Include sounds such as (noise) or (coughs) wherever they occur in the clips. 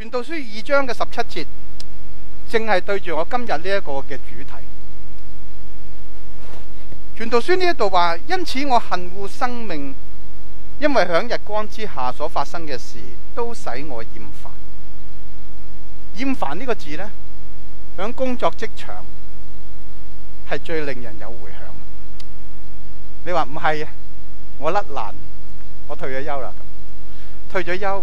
傳道書二章嘅十七節，淨係對住我今日呢一個嘅主題。傳道書呢一度話：因此我恨惡生命，因為響日光之下所發生嘅事都使我厭煩。厭煩呢個字呢，響工作職場係最令人有回響。你話唔係？我甩爛，我退咗休啦，退咗休。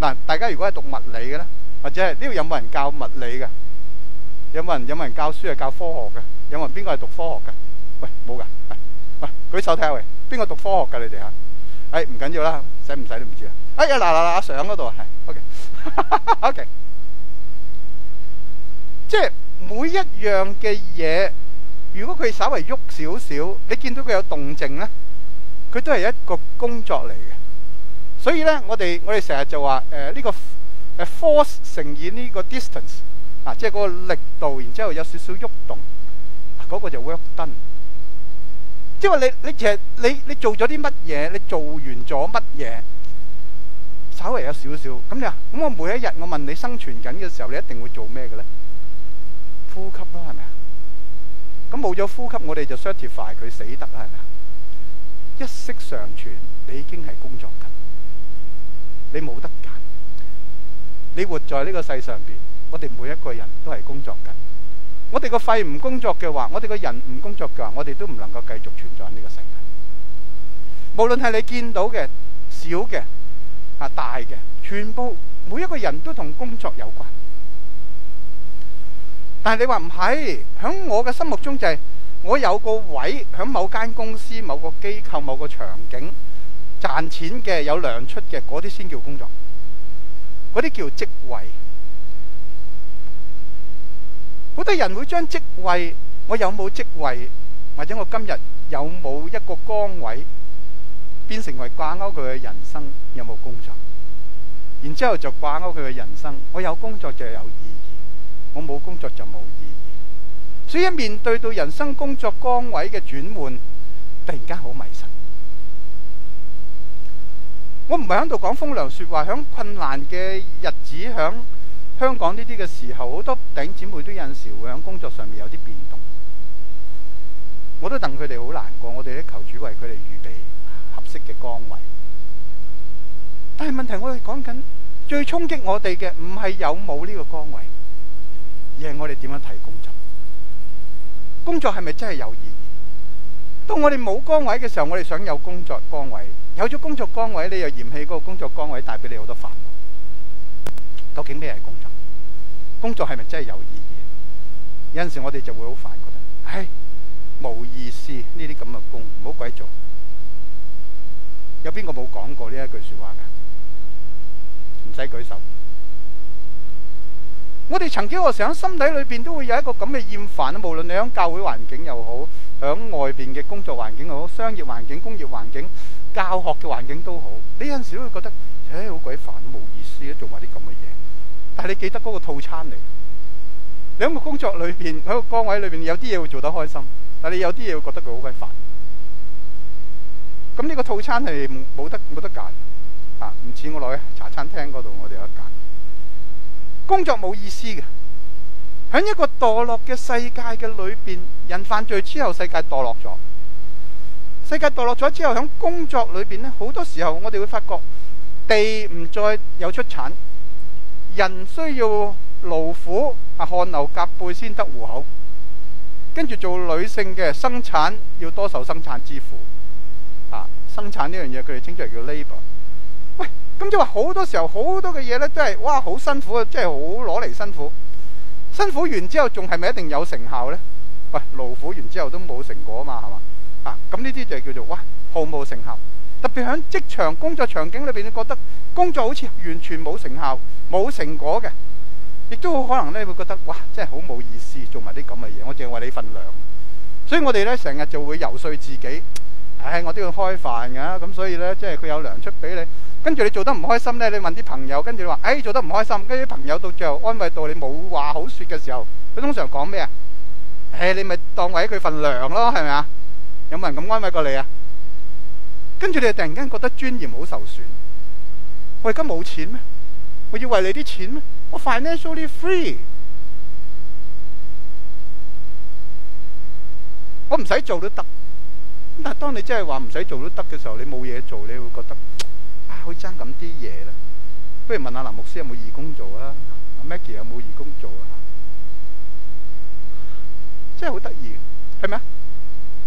嗱，大家如果係讀物理嘅咧，或者係呢度有冇人教物理嘅？有冇人有冇人教書係教科學嘅？有冇人邊個係讀科學嘅？喂，冇噶，喂，舉手睇下喂，邊個讀科學嘅你哋嚇？誒，唔緊要啦，使唔使都唔知啊？哎呀，嗱嗱嗱，上嗰度啊，係，OK，OK，即係每一樣嘅嘢，如果佢稍微喐少少，你見到佢有動靜咧，佢都係一個工作嚟嘅。所以咧，我哋我哋成日就話呢、呃這個 force 乘以呢個 distance 啊，即係嗰個力度，然之後有少少喐動嗰、啊那個就 work done。即係話你你,你其實你你做咗啲乜嘢？你做完咗乜嘢？稍微有少少咁你話咁，啊、我每一日我問你生存緊嘅時候，你一定會做咩嘅咧？呼吸囉，係咪啊？咁冇咗呼吸，我哋就 certify 佢死得，係咪啊？一息尚存，你已經係工作緊。你冇得揀，你活在呢個世上邊，我哋每一個人都係工作緊。我哋個肺唔工作嘅話，我哋個人唔工作嘅話，我哋都唔能夠繼續存在喺呢個世界。無論係你見到嘅小嘅啊、大嘅，全部每一個人都同工作有關。但係你話唔係，響我嘅心目中就係我有個位響某間公司、某個機構、某個場景。賺錢嘅有糧出嘅，嗰啲先叫工作，嗰啲叫職位。好多人會將職位，我有冇職位，或者我今日有冇一個崗位，變成為掛鈎佢嘅人生有冇工作，然之後就掛鈎佢嘅人生。我有工作就有意義，我冇工作就冇意義。所以面對到人生工作崗位嘅轉換，突然間好迷失。我唔係喺度講風涼説話，喺困難嘅日子，喺香港呢啲嘅時候，好多頂姊妹都有時會喺工作上面有啲變動，我都戥佢哋好難過。我哋啲求主為佢哋預備合適嘅崗位，但係問題我哋講緊最衝擊我哋嘅唔係有冇呢個崗位，而係我哋點樣睇工作。工作係咪真係有意義？當我哋冇崗位嘅時候，我哋想有工作崗位。有咗工作崗位，你又嫌棄嗰個工作崗位帶俾你好多煩惱。究竟咩係工作？工作係咪真係有意義？有陣時我哋就會好煩，覺得唉，冇意思呢啲咁嘅工，唔好鬼做。有邊個冇講過呢一句說話噶？唔使舉手。我哋曾經我想喺心底裏邊都會有一個咁嘅厭煩啦。無論你響教會環境又好，響外面嘅工作環境又好，商業環境、工業環境。教學嘅環境都好，你有陣時都會覺得，誒好鬼煩，冇意思咧，做埋啲咁嘅嘢。但係你記得嗰個套餐嚟，你喺個工作裏邊，喺個崗位裏邊，有啲嘢會做得開心，但係你有啲嘢會覺得佢好鬼煩。咁呢個套餐係冇得冇得揀，啊，唔似我落去茶餐廳嗰度，我哋有得揀。工作冇意思嘅，喺一個墮落嘅世界嘅裏邊，人犯罪之後，世界墮落咗。世界墮落咗之後，喺工作裏面呢，好多時候我哋會發覺地唔再有出產，人需要勞苦啊，汗流浹背先得糊口，跟住做女性嘅生產要多受生產之苦，啊，生產呢樣嘢佢哋稱作係叫 labor。喂，咁即係話好多時候好多嘅嘢呢，都係哇好辛苦啊，即係好攞嚟辛苦，辛苦完之後仲係咪一定有成效呢？喂，勞苦完之後都冇成果嘛，係嘛？啊！咁呢啲就叫做哇，毫無成效，特別喺職場工作場景裏邊，你覺得工作好似完全冇成效、冇成果嘅，亦都可能咧會覺得哇，真係好冇意思做埋啲咁嘅嘢。我淨係為你份糧，所以我哋咧成日就會遊説自己：唉，我都要開飯㗎，咁所以咧即係佢有糧出俾你，跟住你做得唔開心咧，你問啲朋友，跟住你話：唉，做得唔開心，跟住啲朋友到最後安慰到你冇話好説嘅時候，佢通常講咩啊？唉，你咪當為佢份糧咯，係咪啊？有冇人咁安慰過你啊？跟住你又突然間覺得尊嚴好受損。我而家冇錢咩？我要為你啲錢咩？我 financially free，我唔使做都得。但係，當你真係話唔使做都得嘅時候，你冇嘢做，你會覺得啊，好爭咁啲嘢啦。不如問下林牧師有冇義工做啊？阿 Maggie 有冇義工做啊？嚇，真係好得意，係咪啊？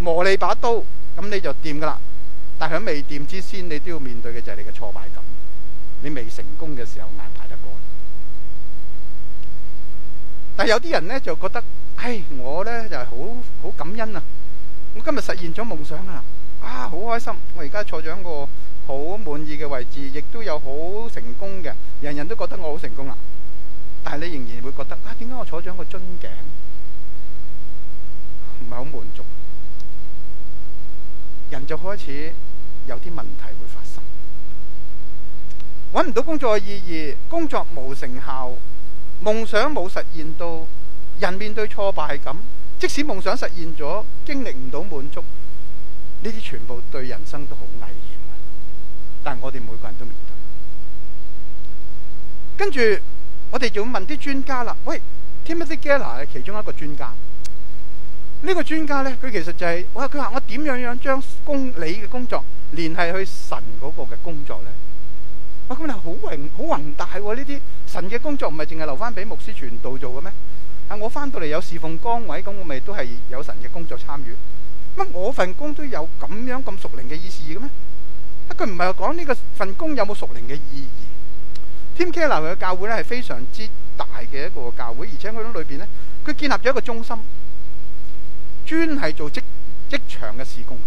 磨你把刀，咁你就掂噶啦。但喺未掂之先，你都要面對嘅就係你嘅挫敗感。你未成功嘅時候，捱唔捱得過？但有啲人呢就覺得，唉，我呢就係好好感恩啊。我今日實現咗夢想啦，啊，好開心！我而家坐住喺個好滿意嘅位置，亦都有好成功嘅。人人都覺得我好成功啊。但係你仍然會覺得啊，點解我坐住喺個樽頸，唔係好滿足？人就開始有啲問題會發生，揾唔到工作嘅意義，工作無成效，夢想冇實現到，人面對挫敗係咁。即使夢想實現咗，經歷唔到滿足，呢啲全部對人生都好危險呀。但係我哋每個人都面對。跟住我哋就要問啲專家啦。喂，Timothy Keller 係其中一個專家。呢個專家咧，佢其實就係哇！佢話我點樣樣將公你嘅工作連係去神嗰個嘅工作咧？哇！咁你好宏好宏大喎！呢啲神嘅工作唔係淨係留翻俾牧師傳道做嘅咩？啊！我翻到嚟有侍奉崗位，咁我咪都係有神嘅工作參與？乜我份工都有咁樣咁屬靈嘅意思嘅咩？啊！佢唔係講呢個份工有冇屬靈嘅意義。Tim Keller 嘅教會咧係非常之大嘅一個教會，而且佢喺裏邊咧，佢建立咗一個中心。專係做職職場嘅事工，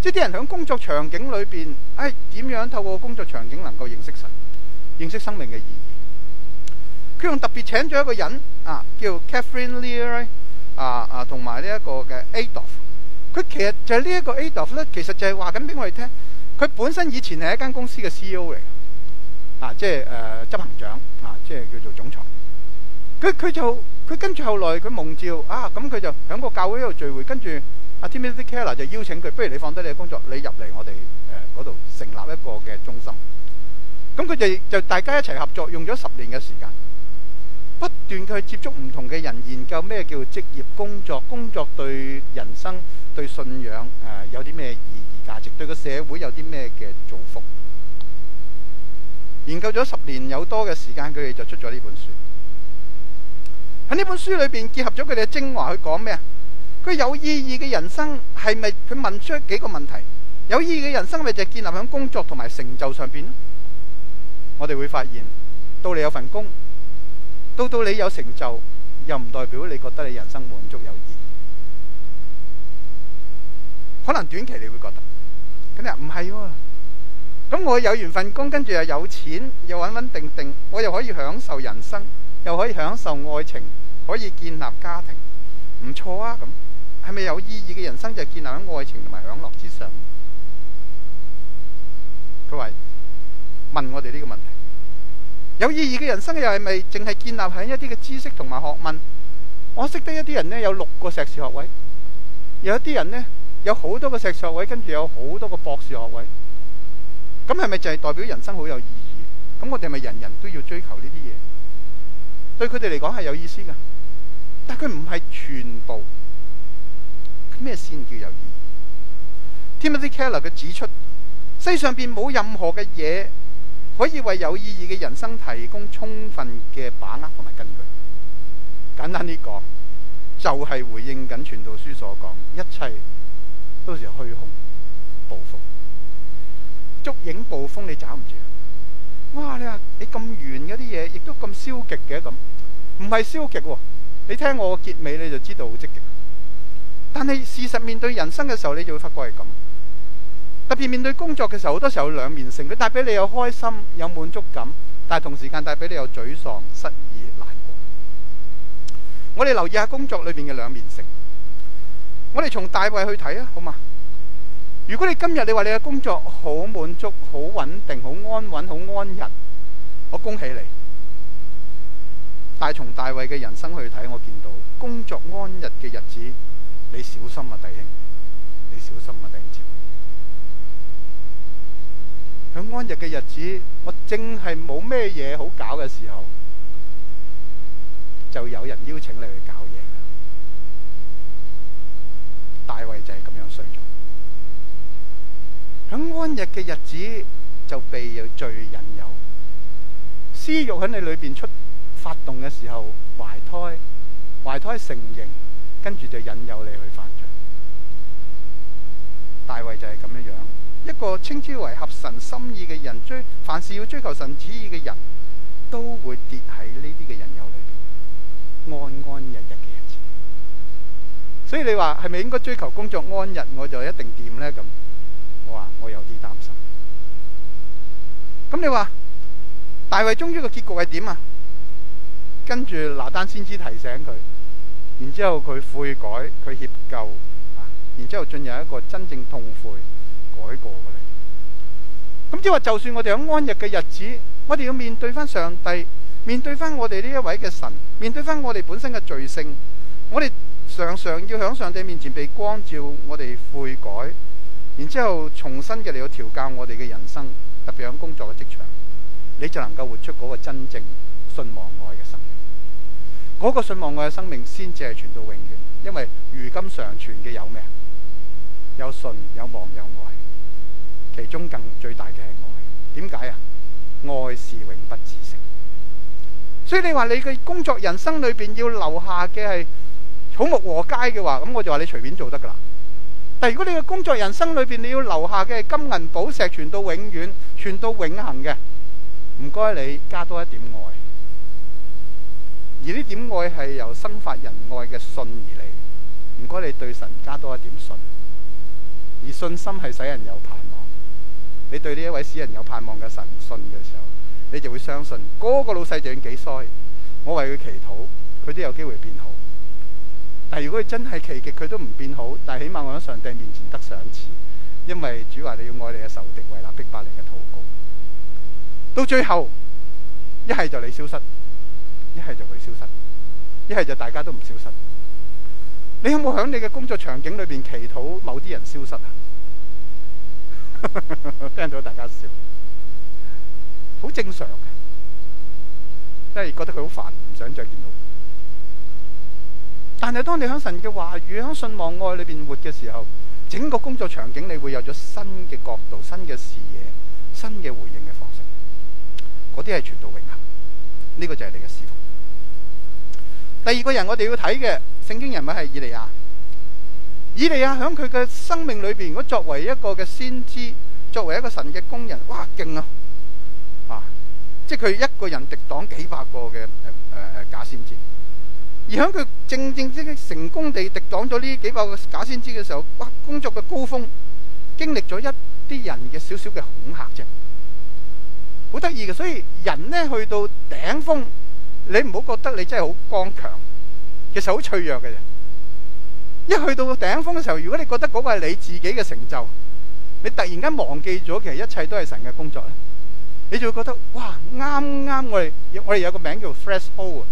即係啲人喺工作場景裏邊，誒、哎、點樣透過工作場景能夠認識神、認識生命嘅意義？佢仲特別請咗一個人啊，叫 Catherine Lear 啊啊，同埋呢一個嘅 Adolf。佢其實就係呢一個 Adolf 咧，其實就係話緊俾我哋聽，佢本身以前係一間公司嘅 CEO 嚟嘅，啊，即係誒、呃、執行長啊，即係叫做總裁。佢佢就。佢跟住後來佢蒙召啊，咁佢就喺個教會度聚會，跟住阿 Timothy Keller 就邀請佢，不如你放低你嘅工作，你入嚟我哋誒嗰度成立一個嘅中心。咁佢哋就大家一齊合作，用咗十年嘅時間，不斷嘅去接觸唔同嘅人，研究咩叫職業工作，工作對人生對信仰誒有啲咩意義價值，對個社會有啲咩嘅造福。研究咗十年有多嘅時間，佢哋就出咗呢本書。喺呢本書裏邊結合咗佢哋嘅精華去講咩啊？佢有意義嘅人生係咪佢問出幾個問題？有意義嘅人生係咪就建立響工作同埋成就上邊咯？我哋會發現到你有份工，到到你有成就又唔代表你覺得你人生滿足有意義。可能短期你會覺得咁啊唔係，咁我有完份工，跟住又有錢，又穩穩定定，我又可以享受人生。又可以享受愛情，可以建立家庭，唔錯啊！咁係咪有意義嘅人生就係建立喺愛情同埋享樂之上？各位問我哋呢個問題，有意義嘅人生又係咪淨係建立喺一啲嘅知識同埋學問？我識得一啲人呢，有六個碩士學位，有一啲人呢，有好多個碩士學位，跟住有好多個博士學位。咁係咪就係代表人生好有意義？咁我哋係咪人人都要追求呢啲嘢？對佢哋嚟講係有意思㗎，但佢唔係全部。咩先叫有意義？Timothy Keller 佢指出，世上邊冇任何嘅嘢可以為有意義嘅人生提供充分嘅把握同埋根據。簡單啲講，就係回應緊《傳道書》所講，一切都是虛空暴風，捉影暴風你抓唔住。哇！你你咁圓嗰啲嘢，亦都咁消極嘅咁，唔係消極喎。你聽我個結尾你就知道好積極。但係事實面對人生嘅時候，你就會發覺係咁。特別面對工作嘅時候，好多時候兩面性，佢帶俾你有開心有滿足感，但係同時間帶俾你有沮喪、失意、難過。我哋留意下工作裏面嘅兩面性。我哋從大衞去睇啊，好嘛？如果你今日你話你嘅工作好滿足、好穩定、好安穩、好安逸，我恭喜你。但係從大衛嘅人生去睇，我見到工作安逸嘅日子，你小心啊，弟兄，你小心啊，弟兄。喺安逸嘅日子，我淨係冇咩嘢好搞嘅時候，就有人邀請你去搞嘢。大衛就係。喺安逸嘅日子就被有罪引誘，私欲喺你裏邊出發動嘅時候，懷胎懷胎成形，跟住就引誘你去犯罪。大衛就係咁樣樣，一個稱之為合神心意嘅人，追凡事要追求神旨意嘅人都會跌喺呢啲嘅引誘裏邊，安安逸逸嘅日子。所以你話係咪應該追求工作安逸，我就一定掂咧咁？咁你話大衛終於個結局係點啊？跟住拿單先知提醒佢，然之後佢悔改，佢協救，然之後進入一個真正痛悔改過嘅嚟。咁即係話，就算我哋喺安逸嘅日子，我哋要面對翻上帝，面對翻我哋呢一位嘅神，面對翻我哋本身嘅罪性，我哋常常要響上帝面前被光照，我哋悔改，然之後重新嘅嚟到調教我哋嘅人生。特別喺工作嘅職場，你就能夠活出嗰個真正信望愛嘅生命。嗰、嗰個信望愛嘅生命，先至係傳到永遠。因為如今常存嘅有咩啊？有信，有望，有愛，其中更最大嘅係愛。點解啊？愛是永不自成。所以你話你嘅工作、人生裏邊要留下嘅係草木禾秸嘅話，咁我就話你隨便做得噶啦。如果你嘅工作人生裏邊，你要留下嘅金銀寶石，傳到永遠，傳到永恆嘅，唔該你加多一點愛。而呢點愛係由生發仁愛嘅信而嚟，唔該你對神加多一點信。而信心係使人有盼望。你對呢一位使人有盼望嘅神信嘅時候，你就會相信嗰個老細就算幾衰，我為佢祈禱，佢都有機會變好。但係如果佢真係祈極佢都唔變好，但係起碼我喺上帝面前得賞賜，因為主話你要愛你嘅仇敵，為立逼迫你嘅禱告。到最後，一係就你消失，一係就佢消失，一係就大家都唔消失。你有冇喺你嘅工作場景裏邊祈禱某啲人消失啊？ (laughs) 聽到大家笑，好正常嘅，即係覺得佢好煩，唔想再見到。但係當你喺神嘅話語、喺信望愛裏邊活嘅時候，整個工作場景你會有咗新嘅角度、新嘅視野、新嘅回應嘅方式。嗰啲係傳到永恒。呢、這個就係你嘅事奉。第二個人我哋要睇嘅聖經人物係以利亞。以利亞喺佢嘅生命裏邊，如果作為一個嘅先知，作為一個神嘅工人，哇勁啊！啊，即係佢一個人敵擋幾百個嘅誒誒誒假先知。而喺佢正正式成功地敵擋咗呢幾百個假先知嘅時候，哇！工作嘅高峰經歷咗一啲人嘅少少嘅恐嚇啫，好得意嘅。所以人咧去到頂峰，你唔好覺得你真係好剛強，其實好脆弱嘅。一去到頂峰嘅時候，如果你覺得嗰個係你自己嘅成就，你突然間忘記咗其實一切都係神嘅工作咧，你就會覺得哇，啱啱我哋我哋有個名叫 Threshold 啊！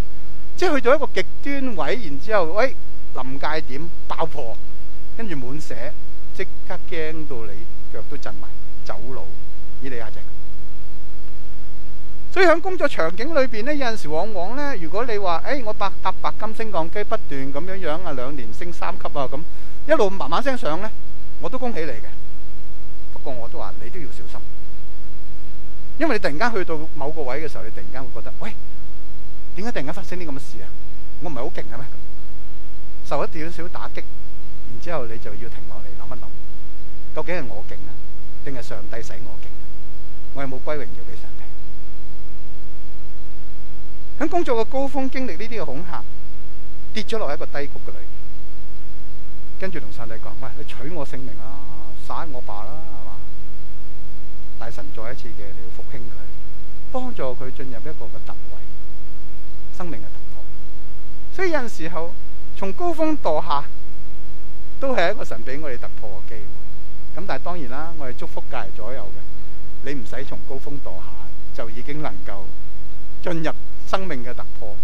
即係去到一個極端位，然之後，誒臨界點爆破，跟住滿寫，即刻驚到你腳都震埋，走佬，以利亞即係咁。所以喺工作場景裏邊咧，有陣時往往咧，如果你話，誒我百搭白金升降機不斷咁樣樣啊，兩年升三級啊咁，一路慢慢升上咧，我都恭喜你嘅。不過我都話你都要小心，因為你突然間去到某個位嘅時候，你突然間會覺得，喂。點解突然間發生啲咁嘅事啊？我唔係好勁嘅咩？受一少少打擊，然之後你就要停落嚟諗一諗，究竟係我勁呀，定係上帝使我勁？我有冇歸榮耀俾上帝？喺工作嘅高峰經歷呢啲嘅恐嚇，跌咗落係一個低谷嘅裏，跟住同上帝講：喂，你取我性命啦，殺我爸啦，係嘛？大神再一次嘅，你要復興佢，幫助佢進入一個嘅突圍。生命嘅突破，所以有陣時候從高峰墮下，都係一個神俾我哋突破嘅機會。咁但係當然啦，我哋祝福隔離左右嘅，你唔使從高峰墮下就已經能夠進入生命嘅突破。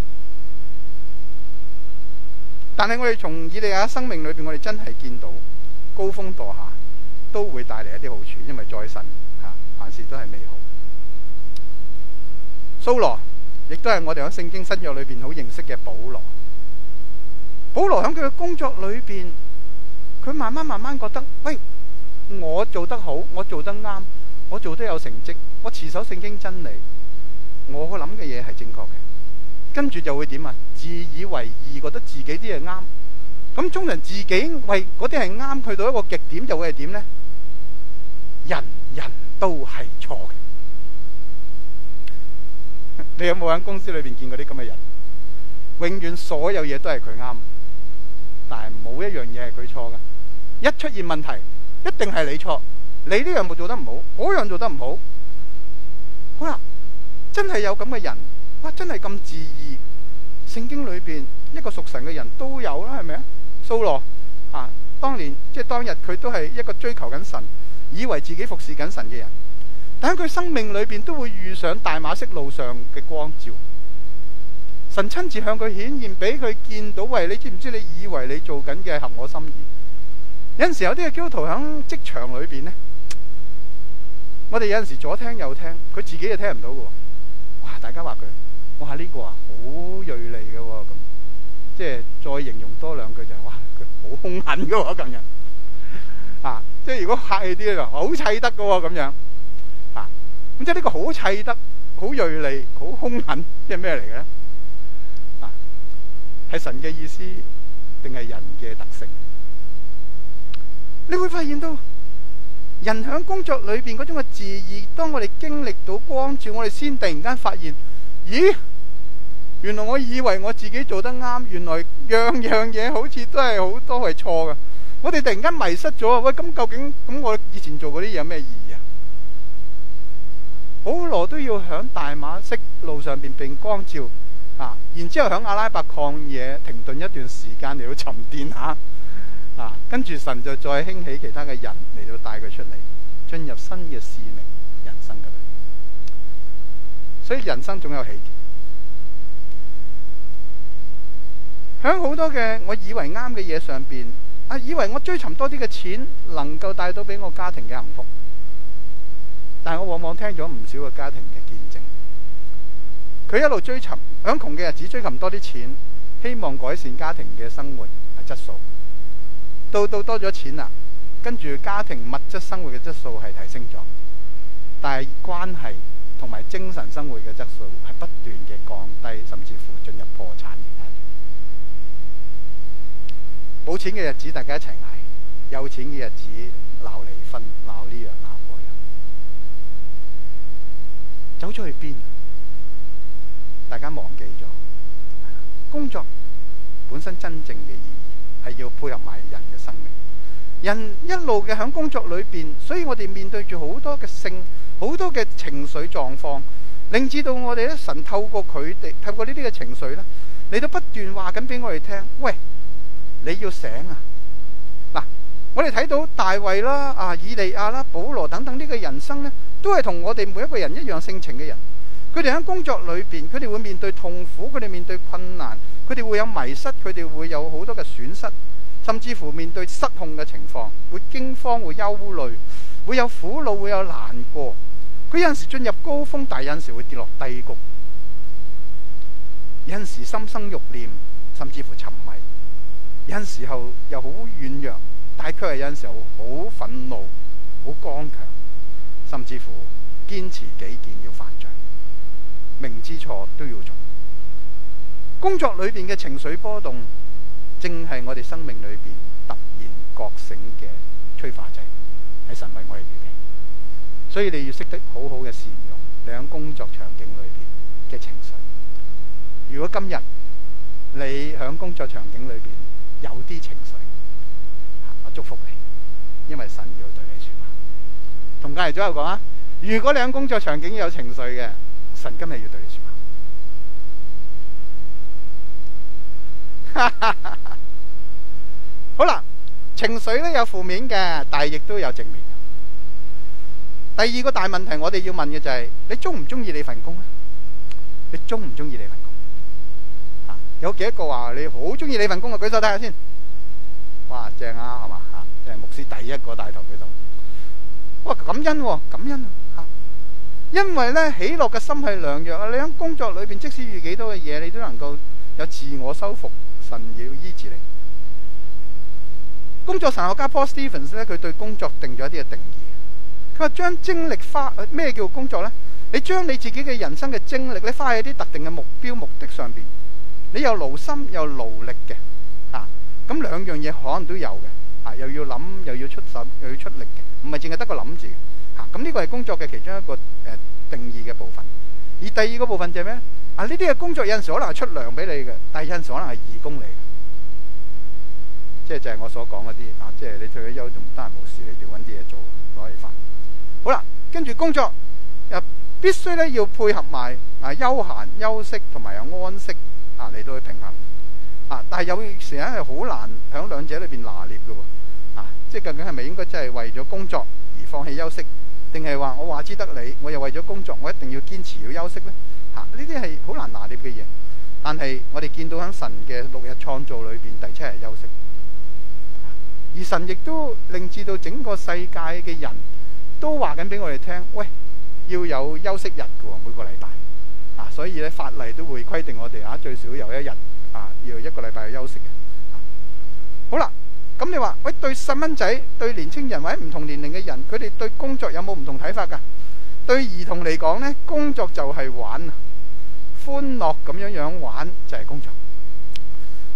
但係我哋從以利亞生命裏邊，我哋真係見到高峰墮下都會帶嚟一啲好處，因為在神下凡事都係美好。蘇羅。亦都係我哋喺聖經新約裏邊好認識嘅保羅。保羅喺佢嘅工作裏邊，佢慢慢慢慢覺得，喂，我做得好，我做得啱，我做得有成績，我持守聖經真理，我諗嘅嘢係正確嘅。跟住就會點啊？自以為義，覺得自己啲嘢啱。咁中人自己為嗰啲係啱，去到一個極點就會係點呢？人人都係錯嘅。你有冇喺公司裏邊見過啲咁嘅人？永遠所有嘢都係佢啱，但係冇一樣嘢係佢錯嘅。一出現問題，一定係你錯。你呢樣冇做得唔好，嗰樣做得唔好。好啦，真係有咁嘅人，哇！真係咁自義！聖經裏邊一個屬神嘅人都有啦，係咪啊？掃羅啊，當年即係、就是、當日佢都係一個追求緊神，以為自己服侍緊神嘅人。但喺佢生命裏邊都會遇上大馬色路上嘅光照，神親自向佢顯現，俾佢見到。喂，你知唔知？你以為你做緊嘅合我心意？有陣時有啲嘅基督徒響職場裏邊咧，我哋有陣時左聽右聽，佢自己又聽唔到嘅。哇！大家話佢，哇，呢個啊好銳利嘅咁、啊，即係再形容多兩句就係、是、哇，佢好凶狠㗎咁樣啊，即係如果客氣啲就好砌得喎。咁樣。咁即係呢個好砌得、好鋭利、好凶狠，即係咩嚟嘅咧？啊，係神嘅意思定係人嘅特性？你會發現到人喺工作裏邊嗰種嘅自意，當我哋經歷到光照，我哋先突然間發現，咦，原來我以為我自己做得啱，原來樣樣嘢好似都係好多係錯嘅。我哋突然間迷失咗啊，喂，咁究竟咁我以前做嗰啲嘢有咩意義？保羅都要響大馬色路上邊並光照，啊，然之後響阿拉伯曠野停頓一段時間嚟到沉澱下，啊，跟住神就再興起其他嘅人嚟到帶佢出嚟，進入新嘅使命人生噶啦，所以人生總有起點，響好多嘅我以為啱嘅嘢上邊，啊，以為我追尋多啲嘅錢能夠帶到俾我家庭嘅幸福。但係我往往聽咗唔少嘅家庭嘅見證，佢一路追尋，響窮嘅日子，追尋多啲錢，希望改善家庭嘅生活係質素。到到多咗錢啦，跟住家庭物質生活嘅質素係提升咗，但係關係同埋精神生活嘅質素係不斷嘅降低，甚至乎進入破產嘅階段。冇錢嘅日子大家一齊挨，有錢嘅日子鬧離婚、鬧呢樣。走咗去邊？大家忘記咗工作本身真正嘅意義係要配合埋人嘅生命。人一路嘅喺工作裏邊，所以我哋面對住好多嘅性，好多嘅情緒狀況，令至到我哋咧神透過佢哋，透過呢啲嘅情緒咧，你都不斷話緊俾我哋聽：喂，你要醒啊！嗱。我哋睇到大衛啦、阿、啊、以利亞啦、保羅等等呢個人生呢，都係同我哋每一個人一樣性情嘅人。佢哋喺工作裏邊，佢哋會面對痛苦，佢哋面對困難，佢哋會有迷失，佢哋會有好多嘅損失，甚至乎面對失控嘅情況，會驚慌，會憂慮，會有苦惱，會有難過。佢有陣時進入高峰，但有陣時會跌落低谷。有陣時心生慾念，甚至乎沉迷；有陣時候又好軟弱。大概係有陣時好憤怒、好剛強，甚至乎堅持己見要犯罪，明知錯都要做。工作裏邊嘅情緒波動，正係我哋生命裏邊突然覺醒嘅催化劑，係神為我哋預備的。所以你要識得很好好嘅善用，你喺工作場景裏邊嘅情緒。如果今日你喺工作場景裏邊有啲情緒，祝福你，因為神要對你說話。同隔籬左右講啊，如果你喺工作場景要有情緒嘅，神今日要對你說話。好啦，情緒咧有負面嘅，但係亦都有正面。第二個大問題，我哋要問嘅就係，你中唔中意你份工啊？你中唔中意你份工？有幾多個話你好中意你份工啊？舉手睇下先。哇，正啊，係嘛？你第一個帶頭嗰度，哇！感恩喎、啊，感恩啊！因為咧，喜樂嘅心係良藥啊！你喺工作裏面，即使遇幾多嘅嘢，你都能夠有自我修復，神要醫治你。工作神學家 Paul Stevens 咧，佢對工作定咗一啲嘅定義。佢話將精力花，咩叫做工作咧？你將你自己嘅人生嘅精力咧，花喺啲特定嘅目標、目的上面。你又勞心又勞力嘅啊！咁兩樣嘢可能都有嘅。又要諗，又要出手，又要出力嘅，唔係淨係得個諗字嚇。咁呢個係工作嘅其中一個、呃、定義嘅部分。而第二個部分就係咩啊？呢啲嘅工作有陣時可能係出糧俾你嘅，但係有陣時可能係義工嚟嘅，即係就係我所講嗰啲啊。即係你退咗休仲唔得閒，係、啊、冇事，你要搵啲嘢做攞嚟翻。好啦，跟住工作、啊、必須咧要配合埋啊，休閒、休息同埋有安息啊嚟到去平衡啊。但係有時係好難喺兩者裏面拿捏嘅喎。即究竟係咪應該真係為咗工作而放棄休息，定係話我話之得你，我又為咗工作，我一定要堅持要休息呢？吓，呢啲係好難拿捏嘅嘢。但係我哋見到喺神嘅六日創造裏邊，第七日休息。而神亦都令至到整個世界嘅人都話緊俾我哋聽，喂，要有休息日㗎喎，每個禮拜啊，所以咧法例都會規定我哋啊最少有一日啊要一個禮拜去休息嘅。好啦。咁你話喂，對細蚊仔、對年青人或者唔同年齡嘅人，佢哋對工作有冇唔同睇法㗎？對兒童嚟講呢，工作就係玩啊，歡樂咁樣樣玩就係、是、工作。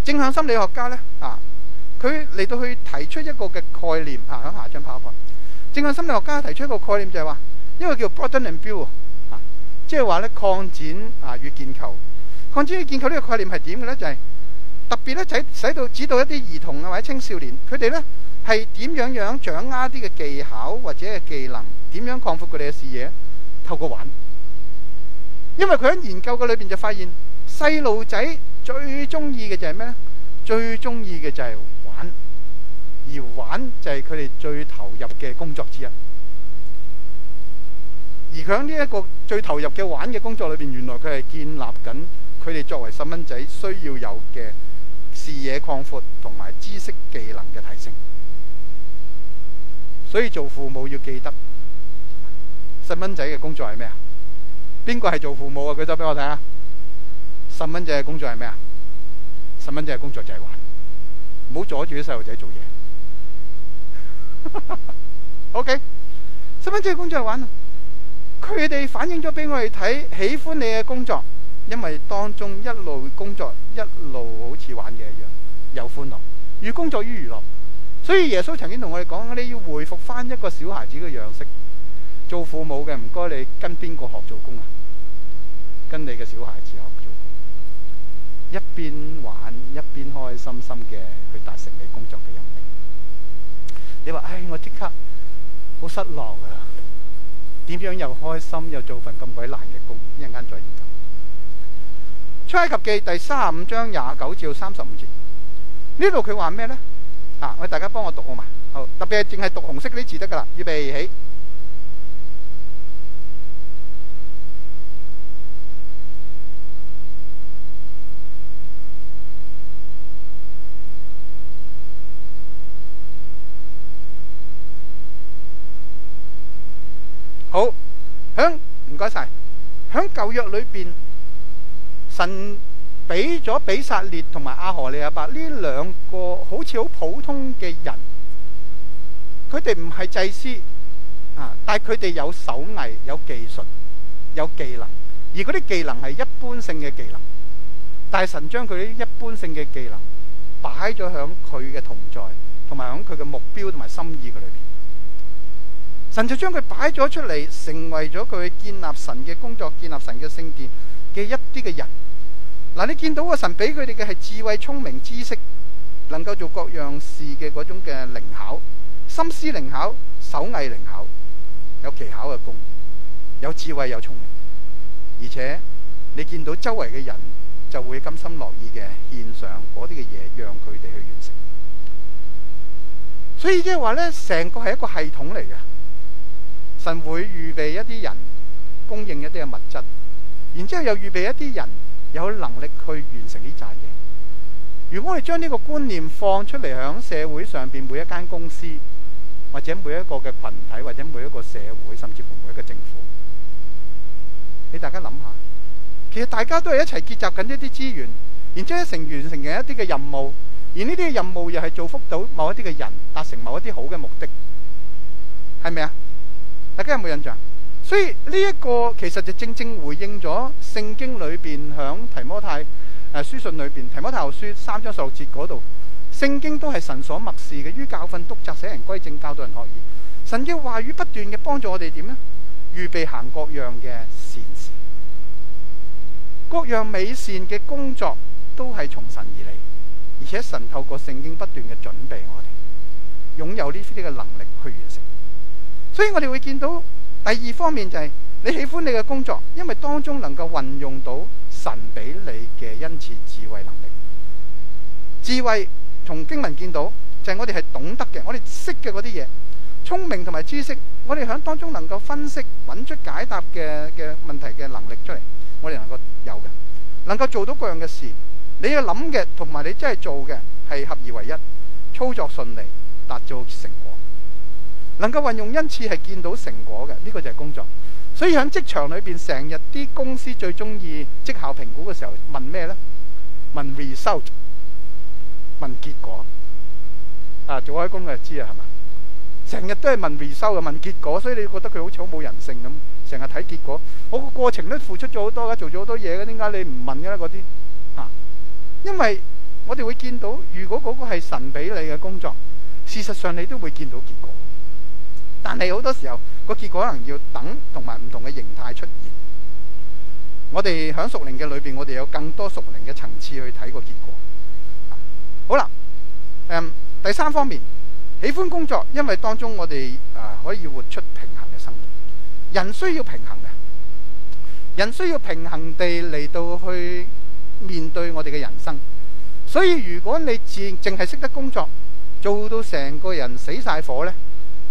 正向心理學家呢，啊，佢嚟到去提出一個嘅概念喺、啊、下張 PowerPoint。正向心理學家提出一個概念就係話，一個叫 Broaden and Build 啊，即係話呢擴展啊與建構。擴展與建構呢個概念係點嘅呢？就係、是。特別咧，使到指導一啲兒童啊，或者青少年，佢哋呢係點樣樣掌握啲嘅技巧或者係技能？點樣擴闊佢哋嘅視野？透過玩，因為佢喺研究嘅裏邊就發現，細路仔最中意嘅就係咩咧？最中意嘅就係玩，而玩就係佢哋最投入嘅工作之一。而佢喺呢一個最投入嘅玩嘅工作裏邊，原來佢係建立緊佢哋作為細蚊仔需要有嘅。視野擴闊同埋知識技能嘅提升，所以做父母要記得，細蚊仔嘅工作係咩啊？邊個係做父母啊？舉手俾我睇下。細蚊仔嘅工作係咩啊？細蚊仔嘅工作就係、 (laughs) okay. 玩，唔好阻住啲細路仔做嘢。OK，細蚊仔嘅工作係玩。佢哋反映咗俾我哋睇，喜歡你嘅工作。因為當中一路工作，一路好似玩嘢一樣，有歡樂，寓工作於娛樂。所以耶穌曾經同我哋講：你要回復返一個小孩子嘅樣式。做父母嘅唔該，你跟邊個學做工啊？跟你嘅小孩子學做工，一邊玩一邊開心心嘅去達成你工作嘅任命。你話唉，我即刻好失落啊！點樣又開心又做份咁鬼難嘅工，一陣間再研究。出埃及記第三十五章廿九至三十五節，呢度佢話咩咧？啊，我哋大家幫我讀好嘛？好，特別係淨係讀紅色嗰啲字得噶啦，預備起。好，響唔該晒，響舊約裏邊。神俾咗比撒列同埋阿荷利亞伯呢兩個好似好普通嘅人，佢哋唔係祭司啊，但係佢哋有手藝、有技術、有技能，而嗰啲技能係一般性嘅技能，但神將佢啲一般性嘅技能擺咗響佢嘅同在，同埋響佢嘅目標同埋心意嘅裏邊，神就將佢擺咗出嚟，成為咗佢建立神嘅工作、建立神嘅聖殿。嘅一啲嘅人，嗱，你見到個神俾佢哋嘅係智慧、聰明、知識，能夠做各樣事嘅嗰種嘅靈巧、心思靈巧、手藝靈巧，有技巧嘅功，有智慧有聰明，而且你見到周圍嘅人就會甘心樂意嘅獻上嗰啲嘅嘢，讓佢哋去完成。所以即係話咧，成個係一個系統嚟嘅，神會預備一啲人供應一啲嘅物質。然之後又預備一啲人有能力去完成呢扎嘢。如果我哋將呢個觀念放出嚟響社會上邊，每一間公司或者每一個嘅群體或者每一個社會，甚至乎每一個政府，畀大家諗下，其實大家都係一齊結集緊一啲資源，然之後一成完成嘅一啲嘅任務，而呢啲嘅任務又係造福到某一啲嘅人，達成某一啲好嘅目的，係咪啊？大家有冇印象？所以呢一，這個其實就正正回應咗聖經裏邊響提摩太誒、呃、書信裏邊提摩太後書三章數節嗰度，聖經都係神所默示嘅，於教訓、督責、使人歸正、教導人學義。神嘅話語不斷嘅幫助我哋點呢？預備行各樣嘅善事，各樣美善嘅工作都係從神而嚟，而且神透過聖經不斷嘅準備我哋，擁有呢啲啲嘅能力去完成。所以我哋會見到。第二方面就係你喜歡你嘅工作，因為當中能夠運用到神俾你嘅恩賜、智慧、能力。智慧從經文見到就係、是、我哋係懂得嘅，我哋識嘅啲嘢，聰明同埋知識我哋響當中能夠分析，揾出解答嘅嘅問題嘅能力出嚟，我哋能夠有嘅，能夠做到各樣嘅事。你要諗嘅同埋你真係做嘅係合二為一，操作順利，達到成果。能夠運用恩賜係見到成果嘅呢個就係工作。所以喺職場裏邊，成日啲公司最中意績效評估嘅時候問咩呢？問 result，問結果。啊，做開工就知啊，係嘛？成日都係問 result 嘅問結果，所以你覺得佢好似好冇人性咁，成日睇結果。我個過程都付出咗好多，做咗好多嘢嘅，點解你唔問嘅呢？嗰啲嚇，因為我哋會見到，如果嗰個係神俾你嘅工作，事實上你都會見到結果。但係好多時候，個結果可能要等同埋唔同嘅形態出現。我哋喺屬靈嘅裏面，我哋有更多屬靈嘅層次去睇個結果。好啦、嗯，第三方面，喜歡工作，因為當中我哋啊、呃、可以活出平衡嘅生活。人需要平衡嘅，人需要平衡地嚟到去面對我哋嘅人生。所以如果你只淨係識得工作，做到成個人死晒火呢。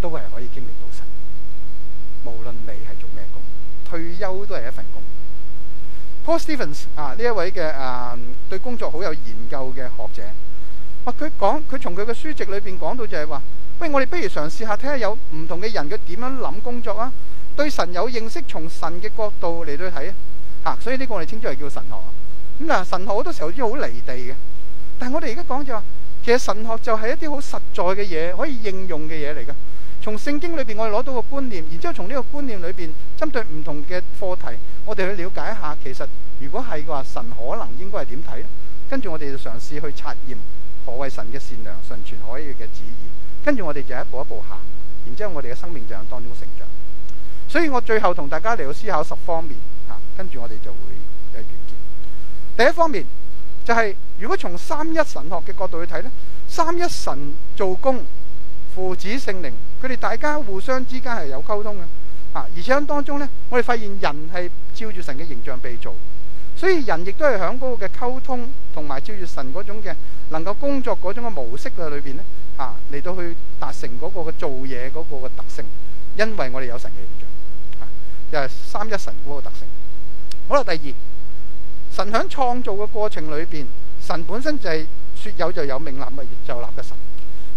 都係可以經歷到神，無論你係做咩工，退休都係一份工。Paul Stevens 啊，呢一位嘅誒對工作好有研究嘅學者啊，佢講佢從佢嘅書籍裏邊講到就係話，不如我哋不如嘗試下睇下有唔同嘅人佢點樣諗工作啊？對神有認識，從神嘅角度嚟到睇啊，嚇！所以呢個我哋稱之為叫神學啊。咁嗱，神學好多時候都好離地嘅，但係我哋而家講就話其實神學就係一啲好實在嘅嘢，可以應用嘅嘢嚟嘅。從聖經裏邊我哋攞到個觀念，然之後從呢個觀念裏邊，針對唔同嘅課題，我哋去了解一下，其實如果係話神可能應該係點睇呢？跟住我哋就嘗試去察驗何謂神嘅善良、純全可以嘅旨意。跟住我哋就一步一步行，然之後我哋嘅生命就喺當中成長。所以我最後同大家嚟到思考十方面吓，跟住我哋就會有完結。第一方面就係、是、如果從三一神學嘅角度去睇呢，三一神做工。父子聖靈，佢哋大家互相之間係有溝通嘅，啊！而且喺當中呢，我哋發現人係照住神嘅形象被造，所以人亦都係喺嗰個嘅溝通同埋照住神嗰種嘅能夠工作嗰種嘅模式嘅裏邊咧，啊，嚟到去達成嗰個嘅做嘢嗰個嘅特性，因為我哋有神嘅形象，啊，又係三一神嗰個特性。好啦，第二，神喺創造嘅過程裏邊，神本身就係説有就有，命立物業就立嘅神。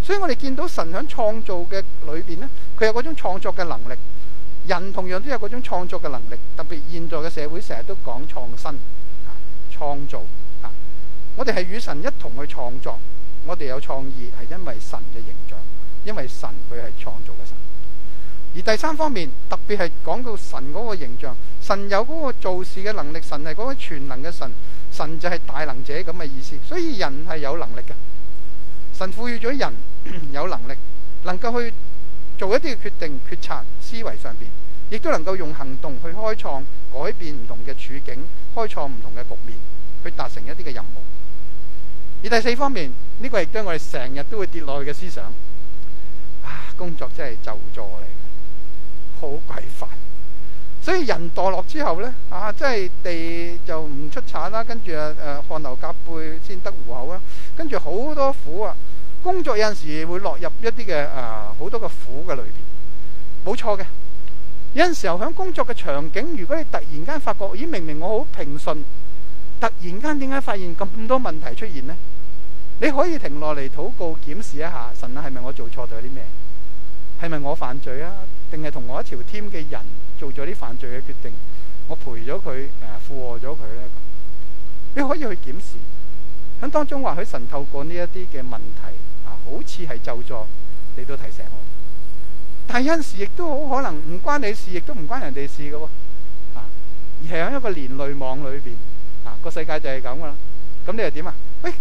所以我哋見到神喺創造嘅裏邊呢，佢有嗰種創作嘅能力。人同樣都有嗰種創作嘅能力，特別現在嘅社會成日都講創新、啊創造啊。我哋係與神一同去創作，我哋有創意係因為神嘅形象，因為神佢係創造嘅神。而第三方面，特別係講到神嗰個形象，神有嗰個做事嘅能力，神係嗰個全能嘅神，神就係大能者咁嘅意思。所以人係有能力嘅，神賦予咗人。 (coughs) 有能力能夠去做一啲嘅決定、決策，思維上邊，亦都能夠用行動去開創改變唔同嘅處境，開創唔同嘅局面，去達成一啲嘅任務。而第四方面，呢、呢個亦都係我哋成日都會跌落去嘅思想、啊、工作真係就助嚟，好鬼煩。所以人墮落之後呢，啊，即係地就唔出產啦，跟住誒、呃、汗流浹背先得糊口啦，跟住好多苦啊！工作有陣時候會落入一啲嘅啊，呃，好多嘅苦嘅裏邊，冇錯嘅。有陣時候響工作嘅場景，如果你突然間發覺，咦，明明我好平順，突然間點解發現咁多問題出現呢？你可以停落嚟禱告檢視一下，神啊，係咪我做錯咗啲咩？係咪我犯罪啊？定係同我一條 team 嘅人做咗啲犯罪嘅決定？我陪咗佢誒，附和咗佢呢？你可以去檢視響當中，或許神透過呢一啲嘅問題。好似係就助，你都提醒我。但有陣時亦都好可能唔關你事，亦都唔關人哋事嘅喎，啊！而係喺一個連累網裏邊，啊個世界就係咁噶啦。咁你又點啊？誒，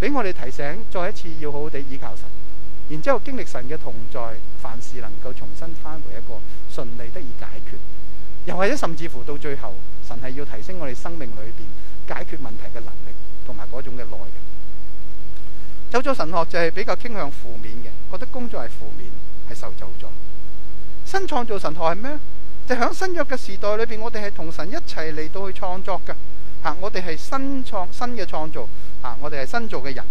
俾我哋提醒再一次，要好好地倚靠神。然之後經歷神嘅同在，凡事能夠重新翻回一個順利得以解決。又或者甚至乎到最後，神係要提升我哋生命裏邊解決問題嘅能力，同埋嗰種嘅耐力。走咗神學就係比較傾向負面嘅，覺得工作係負面，係受詛咒。新創造神學係咩咧？就響新約嘅時代裏邊，我哋係同神一齊嚟到去創作噶。吓，我哋係新創新嘅創造。吓，我哋係新造嘅人。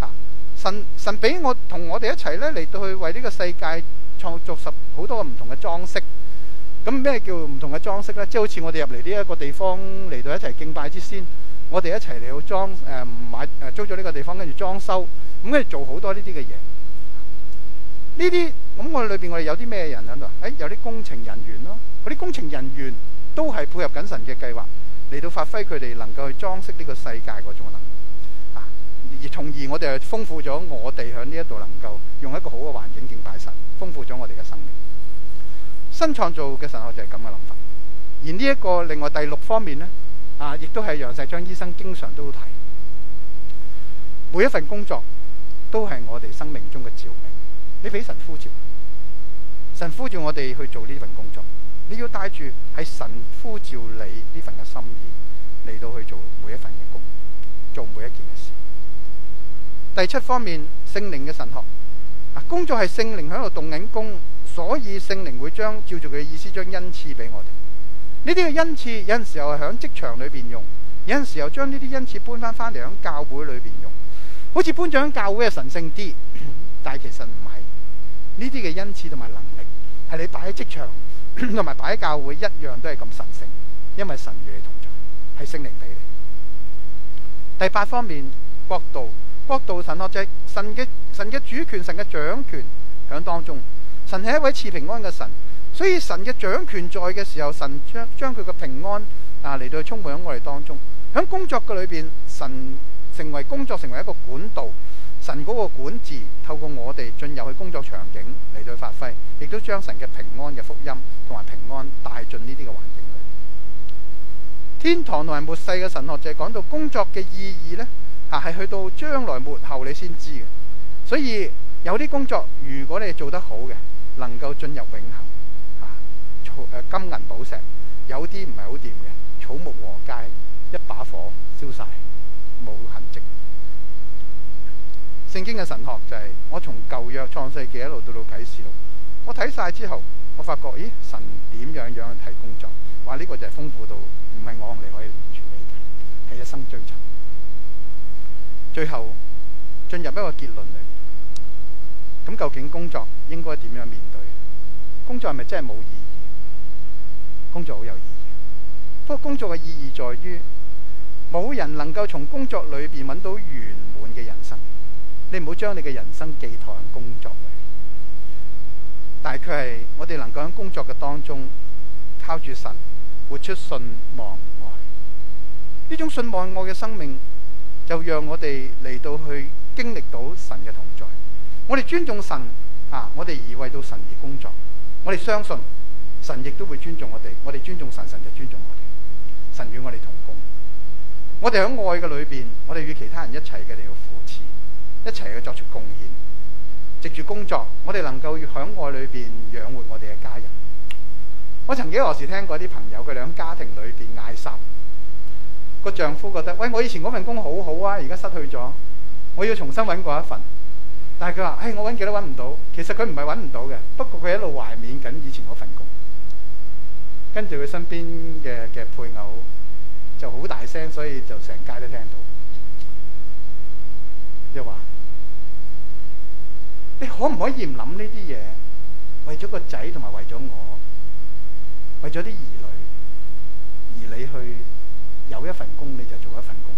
吓，神神俾我同我哋一齊咧，嚟到去為呢個世界創作十好多唔同嘅裝飾。咁咩叫唔同嘅裝飾呢？即係好似我哋入嚟呢一個地方嚟到一齊敬拜之先。我哋一齊嚟到裝誒買誒租咗呢個地方，跟住裝修，咁跟住做好多呢啲嘅嘢。呢啲咁我裏邊我哋有啲咩人喺度？誒、哎、有啲工程人員咯，嗰啲工程人員都係配合緊神嘅計劃，嚟到發揮佢哋能夠去裝飾呢個世界嗰種能力。啊，而從而我哋係豐富咗我哋響呢一度能夠用一個好嘅環境敬拜神，豐富咗我哋嘅生命。新創造嘅神學就係咁嘅諗法。而呢、這、一個另外第六方面咧。啊！亦都係楊石章醫生經常都提，每一份工作都係我哋生命中嘅照明。你俾神呼召，神呼召我哋去做呢份工作。你要帶住係神呼召你呢份嘅心意嚟到去做每一份嘅工，做每一件嘅事。第七方面，聖靈嘅神學啊，工作係聖靈喺度動緊工，所以聖靈會將照住佢嘅意思，將恩賜俾我哋。呢啲嘅恩賜有陣時候係響職場裏邊用，有陣時候將呢啲恩賜搬翻翻嚟響教會裏邊用，好似搬咗教會係神聖啲，但係其實唔係。呢啲嘅恩賜同埋能力，係你擺喺職場同埋擺喺教會一樣都係咁神聖，因為神與你同在，係聖靈俾你。第八方面，國度，國度神學即係神嘅神嘅主權神嘅掌權響當中，神係一位賜平安嘅神。所以神嘅掌權在嘅時候，神將將佢嘅平安啊嚟到充滿喺我哋當中。喺工作嘅裏邊，神成為工作，成為一個管道。神嗰個管治透過我哋進入去工作場景嚟到他發揮，亦都將神嘅平安嘅福音同埋平安帶進呢啲嘅環境裏。天堂內末世嘅神學者係講到工作嘅意義呢，吓、啊、係去到將來末後你先知嘅。所以有啲工作如果你做得好嘅，能夠進入永恆。誒，金銀寶石有啲唔係好掂嘅，草木禾稭，一把火燒晒冇痕跡。聖經嘅神學就係、是、我從舊約創世紀一路到到啟示錄，我睇晒之後，我發覺咦，神點樣樣去睇工作，話呢個就係豐富到唔係我哋可以完全理解，係一生追尋。最後進入一個結論嚟，咁究竟工作應該點樣面對？工作係咪真係冇意義？工作好有意義，不過工作嘅意義在於，冇人能夠從工作裏面揾到圓滿嘅人生。你唔好將你嘅人生寄託喺工作裏。但係佢係我哋能夠喺工作嘅當中，靠住神活出信望愛。呢種信望愛嘅生命，就讓我哋嚟到去經歷到神嘅同在。我哋尊重神啊！我哋而為到神而工作。我哋相信。神亦都會尊重我哋，我哋尊重神，神就尊重我哋。神與我哋同工，我哋喺愛嘅裏面，我哋與其他人一齊嘅嚟要扶持，一齊去作出貢獻，藉住工作，我哋能夠喺愛裏面養活我哋嘅家人。我曾幾何時聽過啲朋友，佢哋喺家庭裏面嗌霎個丈夫，覺得喂，我以前嗰份工好好啊，而家失去咗，我要重新揾過一份。但係佢話：唉、哎，我揾幾都揾唔到。其實佢唔係揾唔到嘅，不過佢一路懷緬緊以前嗰份工。跟住佢身邊嘅嘅配偶就好大聲，所以就成街都聽到。又話，你可唔可以唔諗呢啲嘢？為咗個仔同埋為咗我，為咗啲兒女，而你去有一份工，你就做一份工。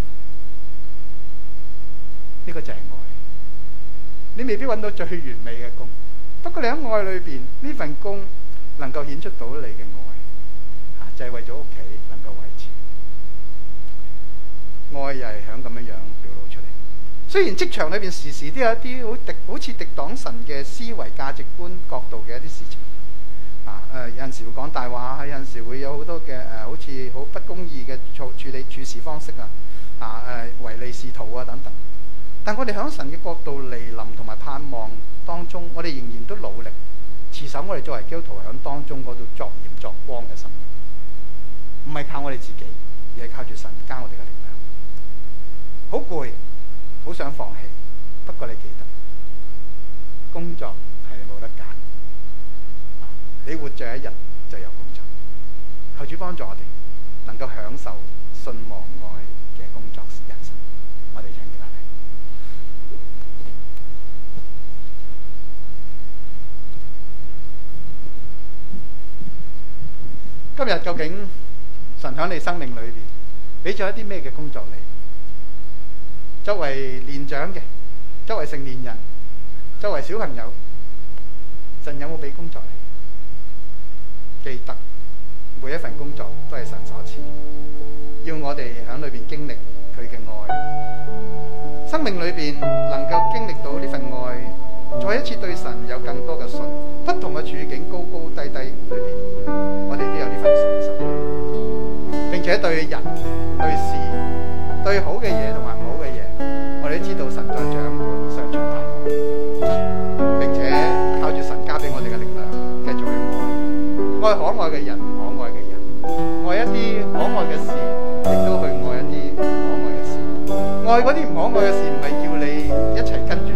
呢個就係愛，你未必揾到最完美嘅工，不過你喺愛裏邊呢份工能夠顯出到你嘅愛。就係為咗屋企能夠維持，愛又係響咁樣樣表露出嚟。雖然職場裏邊時時都有一啲好敵好似敵擋神嘅思維、價值觀、角度嘅一啲事情啊，誒有陣時會講大話，有陣時會有好多嘅誒好似好不公義嘅處處理處事方式啊、啊、誒唯利是圖啊等等。但我哋響神嘅角度嚟臨同埋盼望當中，我哋仍然都努力持守我哋作為基督徒響當中嗰度作鹽作光嘅心。唔係靠我哋自己，而係靠住神加我哋嘅力量。好攰，好想放棄，不過你記得，工作係你冇得揀。你活著一日就有工作，求主幫助我哋，能夠享受信望愛嘅工作人生。我哋請大家嚟。今日究竟，神喺你生命裏邊，俾咗一啲咩嘅工作嚟？作為年長嘅，作為成年人，作為小朋友，神有冇俾工作嚟？記得每一份工作都係神所賜，要我哋喺裏邊經歷佢嘅愛。生命裏邊能夠經歷到呢份愛，再一次對神有更多嘅信。不同嘅處境，高高低低。對人、對事、對好嘅嘢，同埋唔好嘅嘢，我哋都知道神在掌管、掌管大能，並且靠住神加俾我哋嘅力量，繼續去愛，愛可愛嘅人、唔可愛嘅人，愛一啲可愛嘅事，亦都去愛一啲唔可愛嘅事。愛嗰啲唔可愛嘅事，唔係叫你一齊跟住。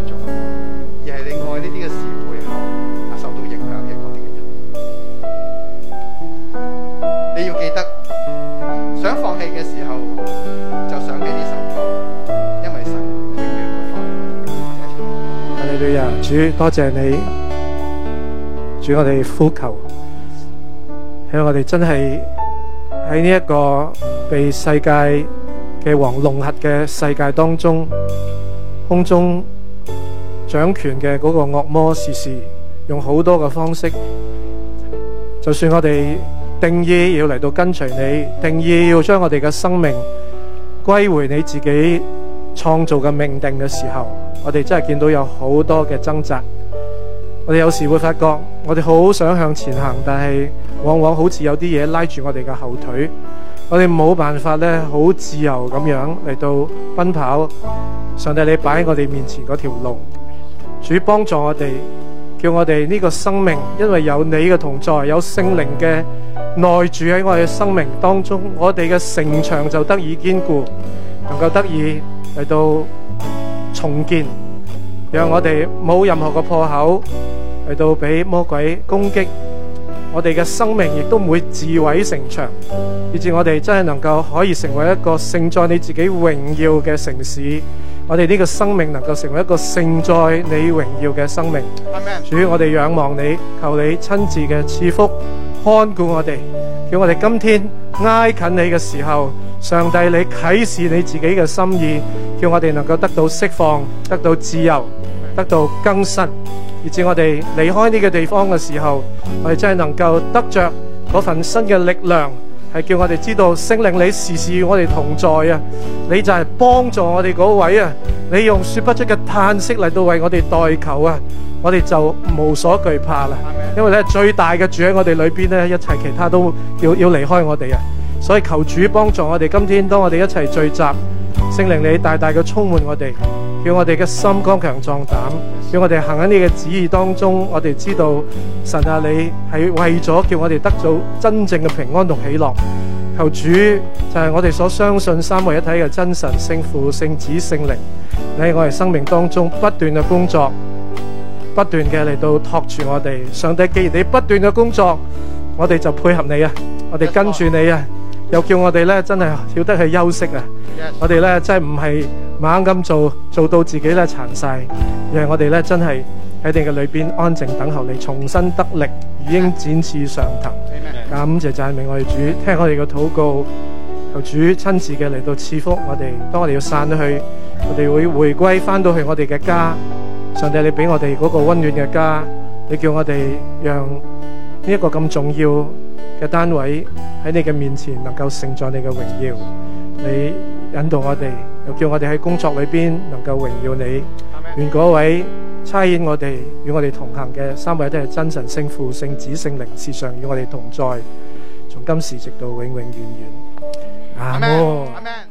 主，多謝你，主，我哋呼求，希望我哋真係喺呢一個被世界嘅王籠合嘅世界當中，空中掌權嘅嗰個惡魔事事，時時用好多嘅方式，就算我哋定義要嚟到跟隨你，定義要將我哋嘅生命歸回你自己。創造嘅命定嘅時候，我哋真係見到有好多嘅掙扎。我哋有時會發覺，我哋好想向前行，但係往往好似有啲嘢拉住我哋嘅後腿，我哋冇辦法咧，好自由咁樣嚟到奔跑。上帝，你擺喺我哋面前嗰條路，主幫助我哋，叫我哋呢個生命，因為有你嘅同在，有聖靈嘅內住喺我哋嘅生命當中，我哋嘅城牆就得以堅固，能夠得以。嚟到重建，讓我哋冇任何個破口嚟到俾魔鬼攻擊，我哋嘅生命亦都唔會自毀城牆，以致我哋真係能夠可以成為一個勝在你自己榮耀嘅城市。我哋呢個生命能夠成為一個勝在你榮耀嘅生命。阿門。主，我哋仰望你，求你親自嘅賜福。看顧我哋，叫我哋今天挨近你嘅時候，上帝，你啟示你自己嘅心意，叫我哋能夠得到釋放，得到自由，得到更新，以至我哋離開呢個地方嘅時候，我哋真係能夠得着嗰份新嘅力量。係叫我哋知道，聖靈你時時與我哋同在啊！你就係幫助我哋嗰位啊！你用說不出嘅嘆息嚟到為我哋代求啊！我哋就無所懼怕啦！因為咧最大嘅主喺我哋裏邊咧，一切其他都要要離開我哋啊！所以求主幫助我哋，今天當我哋一齊聚集，聖靈你大大嘅充滿我哋，叫我哋嘅心剛強壯膽。叫我哋行喺你嘅旨意當中，我哋知道神啊，你係為咗叫我哋得到真正嘅平安同喜樂。求主就係我哋所相信三位一體嘅真神、聖父、聖子、聖靈，你喺我哋生命當中不斷嘅工作，不斷嘅嚟到托住我哋。上帝既然你不斷嘅工作，我哋就配合你啊，我哋跟住你啊，又叫我哋咧真係曉得去休息啊。我哋咧真係唔係。猛咁做做到自己咧，殘晒。因為我哋咧真係喺你嘅裏邊安靜等候你重新得力，如鷹展翅上騰。感 Amen. 謝讚美我哋主，聽我哋嘅禱告，求主親自嘅嚟到賜福我哋。當我哋要散咗去，我哋會回歸翻到去我哋嘅家。上帝你俾我哋嗰個溫暖嘅家，你叫我哋讓呢一個咁重要嘅單位喺你嘅面前能夠承載你嘅榮耀，你引導我哋，又叫我哋喺工作裏邊能夠榮耀你，願嗰 Amen. 位差遣我哋與我哋同行嘅三位都係真神、聖父、聖子、聖靈，時常與我哋同在，從今時直到永永遠遠。阿門。